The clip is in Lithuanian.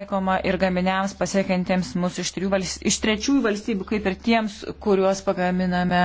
taikoma ir gaminiams pasiekiantiems mus iš, valstybių, iš trečiųjų valstybių, kaip ir tiems, kuriuos pagaminame